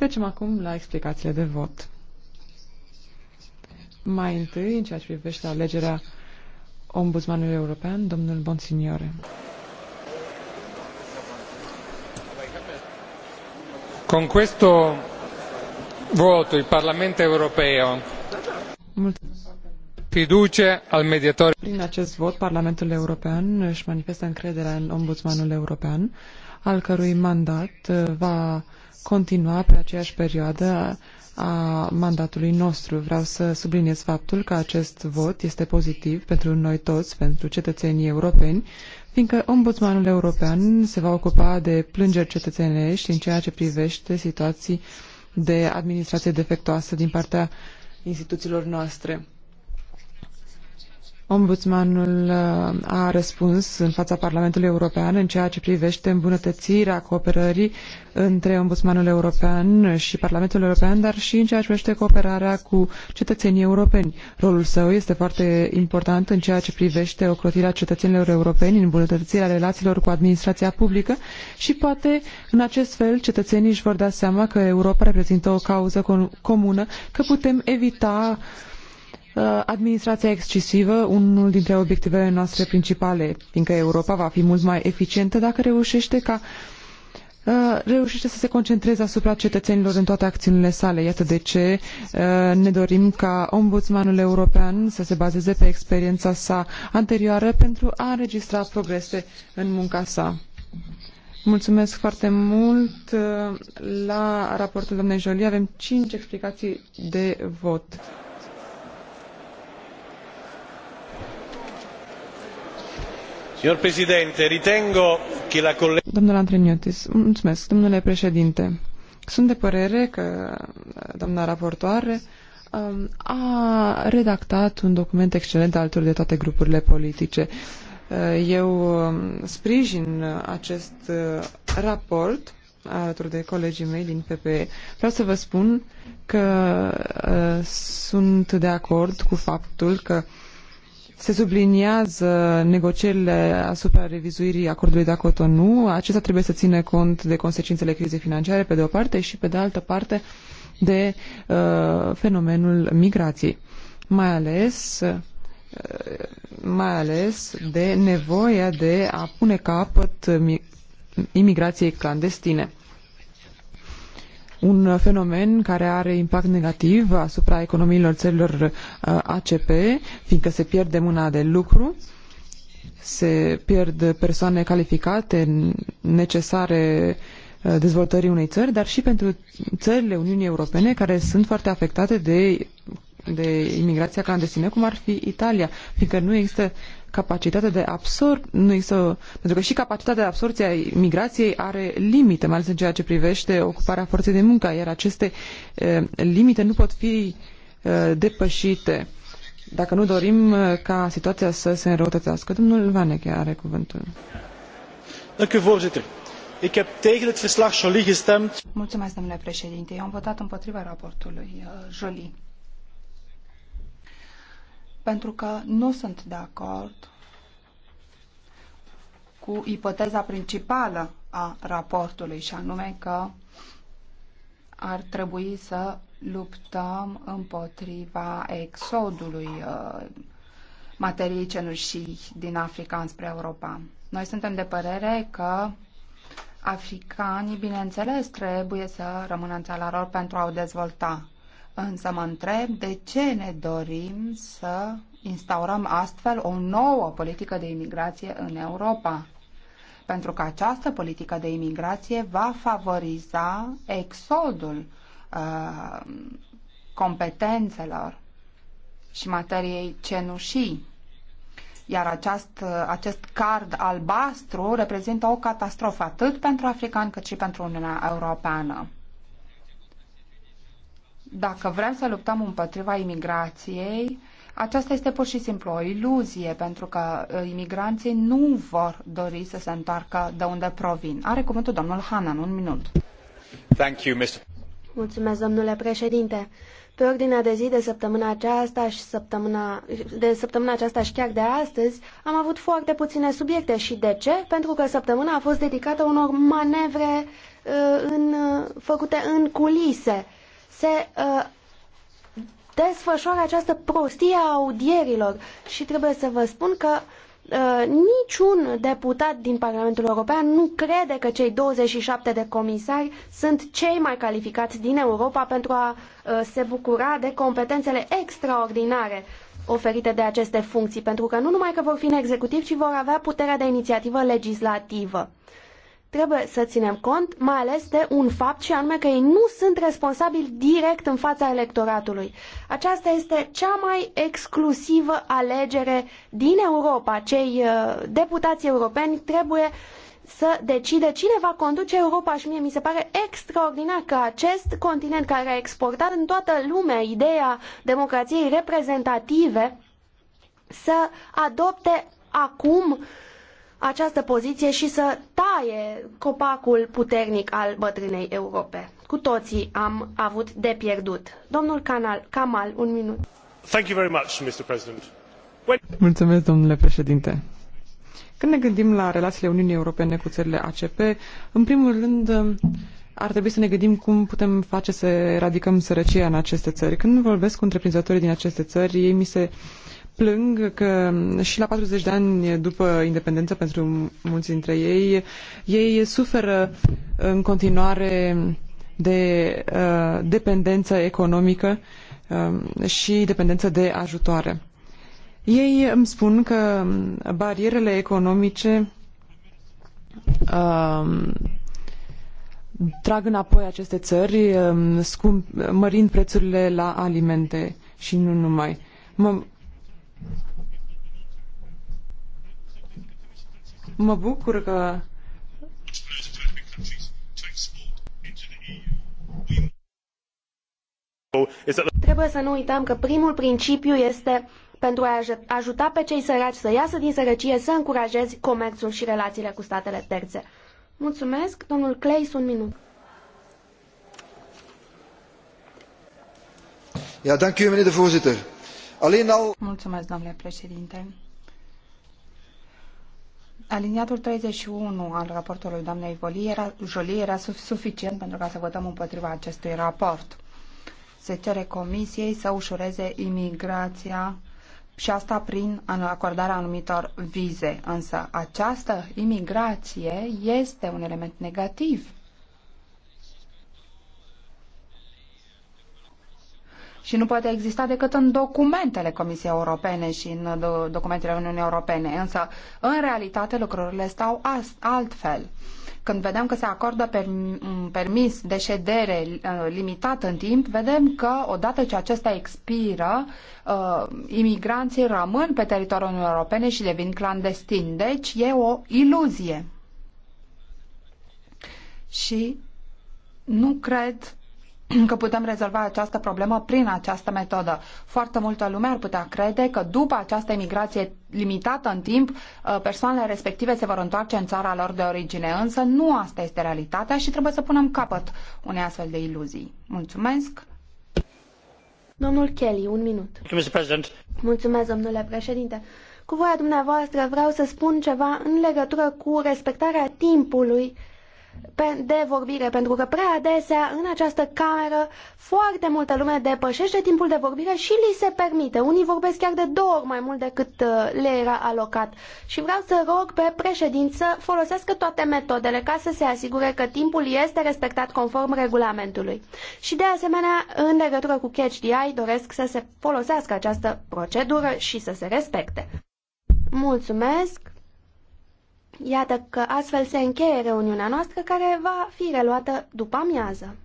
Trecem acum la explicațiile de vot. Mai întâi, în ceea ce privește alegerea ombudsmanului european, domnul Bonsignore. Con questo voto il Parlamento europeo fiducia al mediatore. Prin acest vot, Parlamentul European își manifestă încrederea în ombudsmanul european, al cărui mandat uh, va continua pe aceeași perioadă a mandatului nostru. Vreau să subliniez faptul că acest vot este pozitiv pentru noi toți, pentru cetățenii europeni, fiindcă ombudsmanul european se va ocupa de plângeri cetățenești în ceea ce privește situații de administrație defectoasă din partea instituțiilor noastre. Ombudsmanul uh, a răspuns în fața Parlamentului European în ceea ce privește îmbunătățirea cooperării între Ombudsmanul European și Parlamentul European, dar și în ceea ce privește cooperarea cu cetățenii europeni. Rolul său este foarte important în ceea ce privește ocrotirea cetățenilor europeni, îmbunătățirea relațiilor cu administrația publică și poate în acest fel cetățenii își vor da seama că Europa reprezintă o cauză comună, că putem evita uh, Uh, administrația excesivă unul dintre obiectivele noastre principale, fiindcă Europa va fi mult mai eficientă dacă reușește ca uh, reușește să se concentreze asupra cetățenilor în toate acțiunile sale. Iată de ce uh, ne dorim ca ombudsmanul european să se bazeze pe experiența sa anterioară pentru a înregistra progrese în munca sa. Mulțumesc foarte mult. La raportul doamnei Jolie avem cinci explicații de vot. Domnul domnule președinte. Sunt de părere că uh, doamna raportoare um, a redactat un document excelent alături de toate grupurile politice. Uh, eu um, sprijin acest uh, raport alături de colegii mei din PPE. Vreau să vă spun că sunt de acord cu faptul că se subliniază negocierile asupra revizuirii acordului de Cotonou. Acesta trebuie să ține cont de consecințele crizei financiare, pe de o parte, și pe de altă parte de uh, fenomenul migrației. Mai ales uh, mai ales de nevoia de a pune capăt imigrației clandestine un fenomen care are impact negativ asupra economiilor țărilor uh, ACP, fiindcă se pierde mâna de lucru, se pierd persoane calificate necesare uh, dezvoltării unei țări, dar și pentru țările Uniunii Europene care sunt foarte afectate de de imigrația clandestină, cum ar fi Italia, fiindcă nu există capacitatea de absorb, nu există, pentru că și capacitatea de absorție a imigrației are limite, mai ales în ceea ce privește ocuparea forței de muncă, iar aceste eh, limite nu pot fi eh, depășite dacă nu dorim eh, ca situația să se înrăutățească. Domnul Vanek are cuvântul. Dank u, voorzitter. Ik heb tegen het verslag Joly gestemd. Mulțumesc, domnule președinte. Eu am votat împotriva raportului uh, Joly pentru că nu sunt de acord cu ipoteza principală a raportului și anume că ar trebui să luptăm împotriva exodului uh, materiei cenușii din Africa înspre Europa. Noi suntem de părere că africanii, bineînțeles, trebuie să rămână în țara lor pentru a o dezvolta. Însă mă întreb de ce ne dorim să instaurăm astfel o nouă politică de imigrație în Europa. Pentru că această politică de imigrație va favoriza exodul uh, competențelor și materiei cenușii. Iar acest, uh, acest card albastru reprezintă o catastrofă atât pentru africani cât și pentru Uniunea Europeană. Dacă vrem să luptăm împotriva imigrației, aceasta este pur și simplu o iluzie, pentru că uh, imigranții nu vor dori să se întoarcă de unde provin. Are cuvântul domnul Hanan, un minut. Thank you, Mr. Mulțumesc, domnule președinte. Pe ordinea de zi de săptămâna aceasta și săptămâna, de săptămâna aceasta și chiar de astăzi am avut foarte puține subiecte. Și de ce? Pentru că săptămâna a fost dedicată unor manevre uh, în, uh, făcute în culise. Uh, se uh, desfășoară această prostie a audierilor și trebuie să vă spun că uh, niciun deputat din Parlamentul European nu crede că cei 27 de comisari sunt cei mai calificați din Europa pentru a uh, se bucura de competențele extraordinare oferite de aceste funcții, pentru că nu numai că vor fi în executiv, ci vor avea puterea de inițiativă legislativă. Uh, Trebuie să ținem cont mai ales de un fapt și anume că ei nu sunt responsabili direct în fața electoratului. Aceasta este cea mai exclusivă alegere din Europa. Cei uh, deputați europeni trebuie să decide cine va conduce Europa și mie mi se pare extraordinar că acest continent care a exportat în toată lumea ideea democrației reprezentative să adopte acum uh, această poziție și să taie copacul puternic al bătrânei Europe. Cu toții am avut de pierdut. Domnul Canal, Kamal, un minut. Thank you very much, Mr. President. When... Mulțumesc, domnule președinte. Când ne gândim la relațiile Uniunii Europene cu țările ACP, în primul rând ar trebui să ne gândim cum putem face să eradicăm sărăcia în aceste țări. Când vorbesc cu întreprinzătorii din aceste țări, ei mi se uh, plâng că și la 40 de ani după independență pentru mulți dintre ei, ei suferă în continuare de uh, dependență economică uh, și dependență de ajutoare. Ei îmi spun că barierele economice uh, trag înapoi aceste țări, um, scump, mărind prețurile la alimente și nu numai. Mă, Mă bucur că Trebuie să nu uităm că primul principiu este pentru a ajuta pe cei săraci să iasă din sărăcie, să încurajezi comerțul și relațiile cu statele terțe. Mulțumesc, domnul Clay, un minut. Ja, Mulțumesc, domnule președinte. Aliniatul 31 al raportului doamnei Jolie era, Jolie era suficient pentru ca să votăm împotriva acestui raport. Se cere comisiei să ușureze imigrația și asta prin acordarea anumitor vize. Însă această imigrație este un element negativ și nu poate exista decât în documentele Comisiei Europene și în uh, documentele Uniunii Europene. Însă, în realitate, lucrurile stau altfel. Când vedem că se acordă permis de ședere uh, limitat în timp, vedem că odată ce acesta expiră, uh, imigranții rămân pe teritoriul Uniunii Europene și devin clandestini. Deci e o iluzie. Și nu cred că putem rezolva această problemă prin această metodă. Foarte multă lume ar putea crede că după această imigrație limitată în timp, uh, persoanele respective se vor întoarce în țara lor de origine, însă nu asta este realitatea și trebuie să punem capăt unei astfel de iluzii. Mulțumesc! Domnul Kelly, un minut. Mulțumesc, domnule președinte. Cu voia dumneavoastră vreau să spun ceva în legătură cu respectarea timpului de vorbire, pentru că prea adesea în această cameră foarte multă lume depășește timpul de vorbire și li se permite. Unii vorbesc chiar de două ori mai mult decât uh, le era alocat. Și vreau să rog pe președinți să folosească toate metodele ca să se asigure că timpul este respectat conform regulamentului. Și de asemenea, în legătură cu Catch the Eye, doresc să se folosească această procedură și să se respecte. Mulțumesc! Iată că astfel se încheie reuniunea noastră care va fi reluată după amiază.